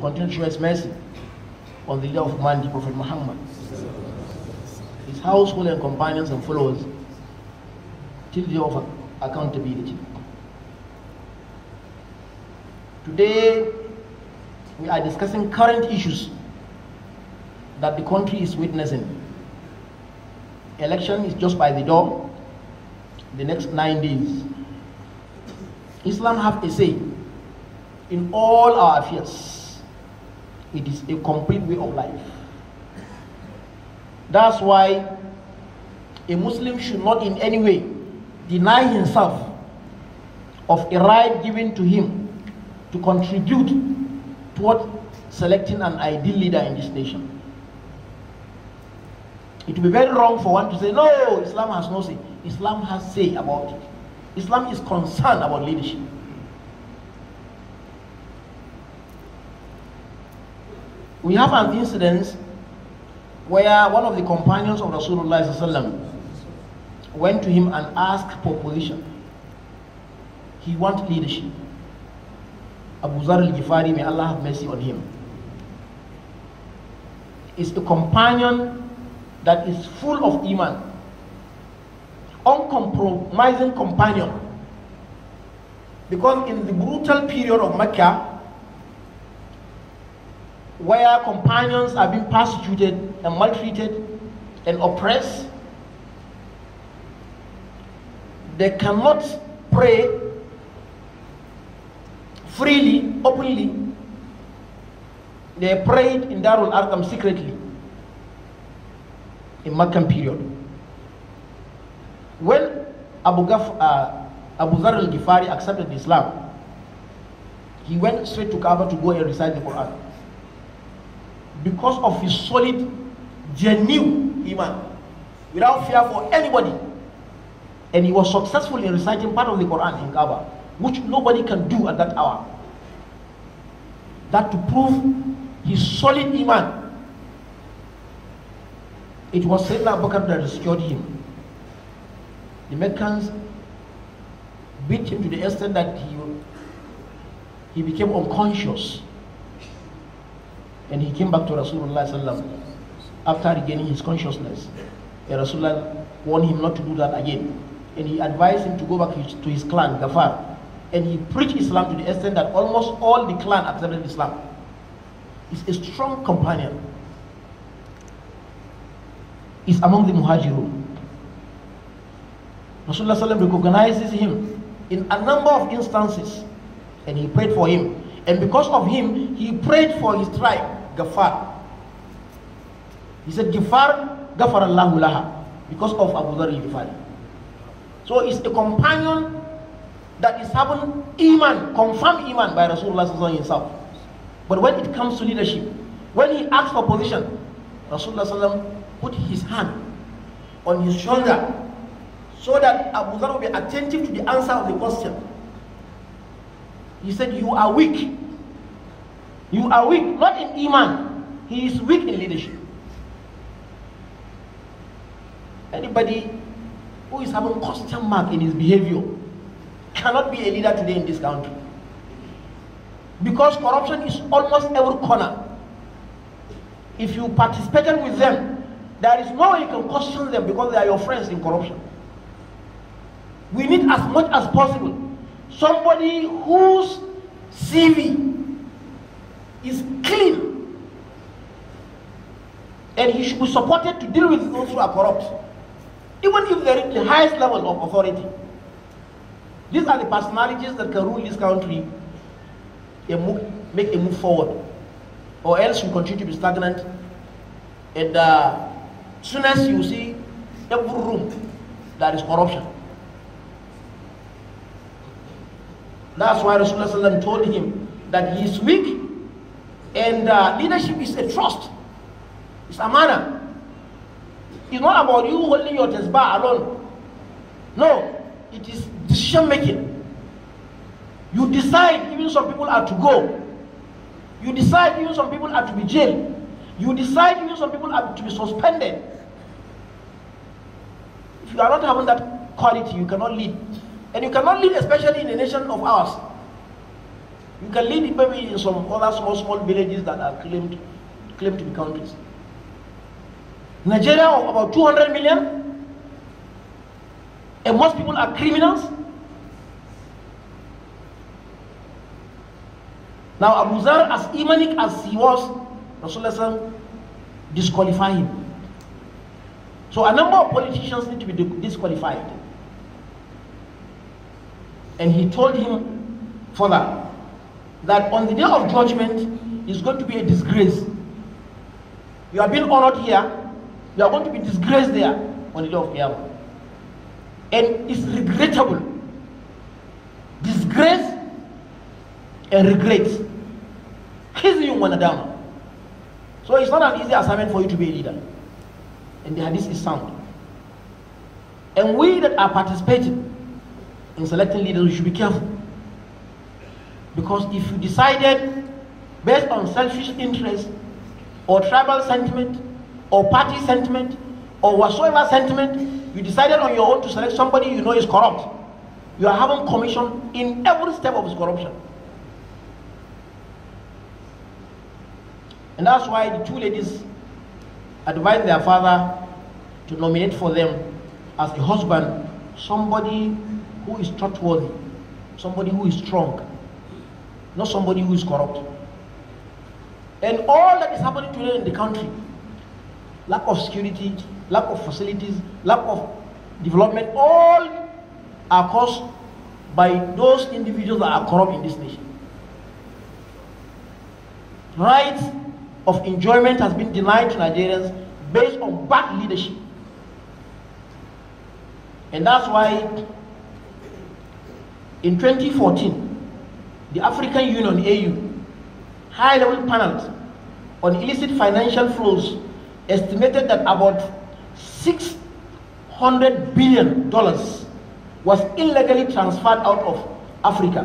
continue to show his mercy on the day of mankind, Prophet Muhammad, his household and companions and followers, till the offer of accountability. Today, we are discussing current issues that the country is witnessing. Election is just by the door, the next nine days. Islam have a say in all our affairs it is a complete way of life. That's why a Muslim should not in any way deny himself of a right given to him to contribute toward selecting an ideal leader in this nation. It would be very wrong for one to say, no, Islam has no say. Islam has say about it. Islam is concerned about leadership. We have an incident where one of the companions of Rasulullah went to him and asked for position. He wanted leadership. Abu Zar al-Ghifari, may Allah have mercy on him, is a companion that is full of iman, uncompromising companion. Because in the brutal period of Mecca, where companions are being persecuted and maltreated and oppressed, they cannot pray freely, openly. They prayed in Darul Arkham secretly in Makkah period. When Abu, Gaf, uh, Abu Dhar al-Ghifari accepted Islam, he went straight to Kaaba to go and recite the Quran because of his solid, genuine iman, without fear for anybody. And he was successful in reciting part of the Quran in Kaaba, which nobody can do at that hour. That to prove his solid iman. It was Sayyidina Bakr that secured him. The Meccans beat him to the extent that he, he became unconscious. And he came back to Rasulullah sallam after regaining his consciousness. And Rasulullah warned him not to do that again. And he advised him to go back to his clan, Gafar. And he preached Islam to the extent that almost all the clan accepted Islam. He's a strong companion. He's among the Muhajirun. Rasulullah sallam recognizes him in a number of instances. And he prayed for him. And because of him, he prayed for his tribe. Gafar. He said, Ghaffar, Gafar Allahu laha, because of Abu Dhar al-Ghifari. So it's a companion that is having iman, confirmed iman by Rasulullah himself. But when it comes to leadership, when he asks for position, Rasulullah put his hand on his shoulder so that Abu Dhar will be attentive to the answer of the question. He said, you are weak you are weak, not in Iman. He is weak in leadership. Anybody who is having question mark in his behavior cannot be a leader today in this country. Because corruption is almost every corner. If you participated with them, there is no way you can question them because they are your friends in corruption. We need as much as possible somebody whose CV is clean. And he should be supported to deal with those who are corrupt. Even if they're in the highest level of authority. These are the personalities that can rule this country and make a move forward. Or else you continue to be stagnant. And uh, soon as you see every room, there is corruption. That's why Rasulullah told him that he is weak and uh, leadership is a trust. It's a manner. It's not about you holding your bar alone. No, it is decision making. You decide even some people are to go. You decide even some people are to be jailed. You decide even some people are to be suspended. If you are not having that quality, you cannot lead. And you cannot lead especially in a nation of ours you can lead maybe in some other small, small villages that are claimed, claimed to be countries. Nigeria, about 200 million, and most people are criminals. Now, Abu Zar, as Imanic as he was, Rasulullah disqualified him. So, a number of politicians need to be disqualified. And he told him that that on the day of judgment is going to be a disgrace. You are being honored here, you are going to be disgraced there on the day of Qiyamah. And it's regrettable. Disgrace and regret. Khizyun wanadama. So it's not an easy assignment for you to be a leader. And the hadith is sound. And we that are participating in selecting leaders, we should be careful. Because if you decided based on selfish interest or tribal sentiment or party sentiment or whatsoever sentiment, you decided on your own to select somebody you know is corrupt. You are having commission in every step of his corruption. And that's why the two ladies advised their father to nominate for them as a husband somebody who is trustworthy, somebody who is strong, not somebody who is corrupt. And all that is happening today in the country lack of security, lack of facilities, lack of development, all are caused by those individuals that are corrupt in this nation. Rights of enjoyment has been denied to Nigerians based on bad leadership. And that's why in 2014, the African Union AU high level panel on illicit financial flows estimated that about 600 billion dollars was illegally transferred out of Africa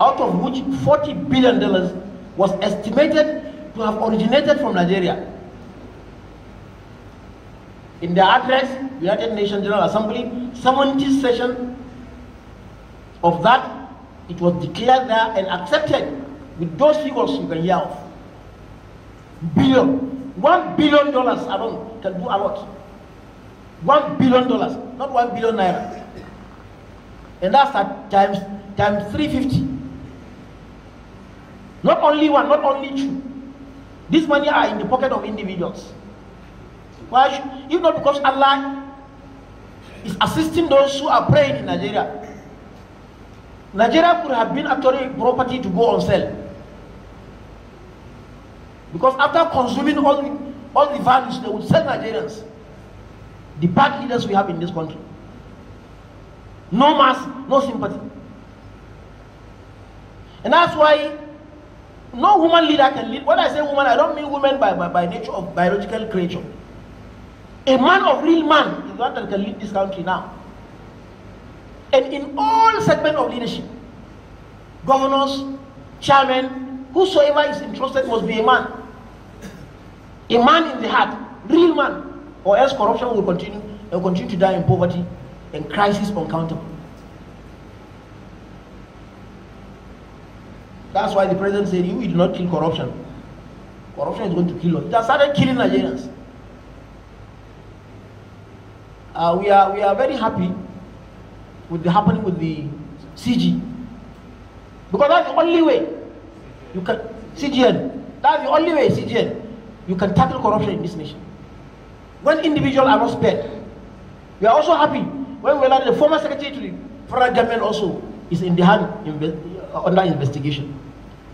out of which 40 billion dollars was estimated to have originated from Nigeria in their address United Nations General Assembly 70th session of that it was declared there and accepted with those figures you can hear of. Billion. One billion dollars alone can do a lot. One billion dollars, not one billion naira. And that's at times times 350. Not only one, not only two. These money are in the pocket of individuals. Why? Should, if not because Allah is assisting those who are praying in Nigeria, Nigeria could have been actually property to go on sale. Because after consuming all the, all the values, they would sell Nigerians. The bad leaders we have in this country. No mass, no sympathy. And that's why no woman leader can lead. When I say woman, I don't mean woman by, by, by nature of biological creation. A man of real man is the one that can lead this country now and in all segments of leadership. Governors, chairmen, whosoever is entrusted must be a man. A man in the heart, real man, or else corruption will continue and continue to die in poverty and crisis uncountable. That's why the president said, "You will not kill corruption. Corruption is going to kill us." It has started killing Nigerians. Uh, we are we are very happy with the happening with the CG. Because that's the only way you can CGN. That's the only way CGN you can tackle corruption in this nation. When individuals are not spared, we are also happy when we learn the former secretary to the federal government also is in the hand under investigation.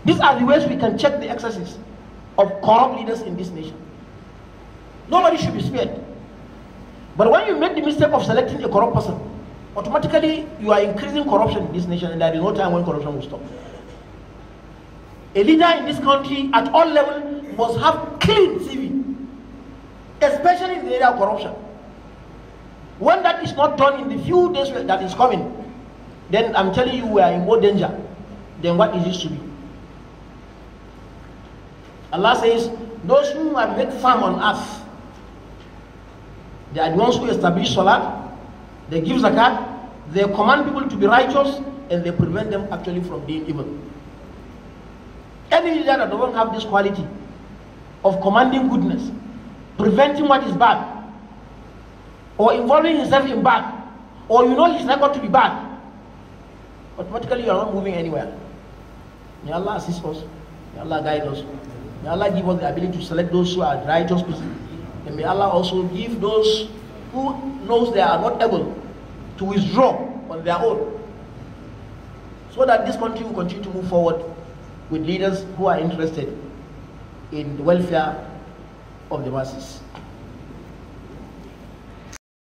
These are the ways we can check the excesses of corrupt leaders in this nation. Nobody should be spared. But when you make the mistake of selecting a corrupt person, automatically you are increasing corruption in this nation and there is no time when corruption will stop. A leader in this country at all levels must have clean CV, especially in the area of corruption. When that is not done in the few days that is coming, then I'm telling you we are in more danger than what it used to be. Allah says, those who have made firm on earth, they are the ones who establish Salah, they give zakat, they command people to be righteous, and they prevent them actually from being evil. Any leader that doesn't have this quality of commanding goodness, preventing what is bad, or involving himself in bad, or you know his record to be bad, automatically you are not moving anywhere. May Allah assist us. May Allah guide us. May Allah give us the ability to select those who are righteous And may Allah also give those who knows they are not able to withdraw on their own so that this country will continue to move forward with leaders who are interested in the welfare of the masses.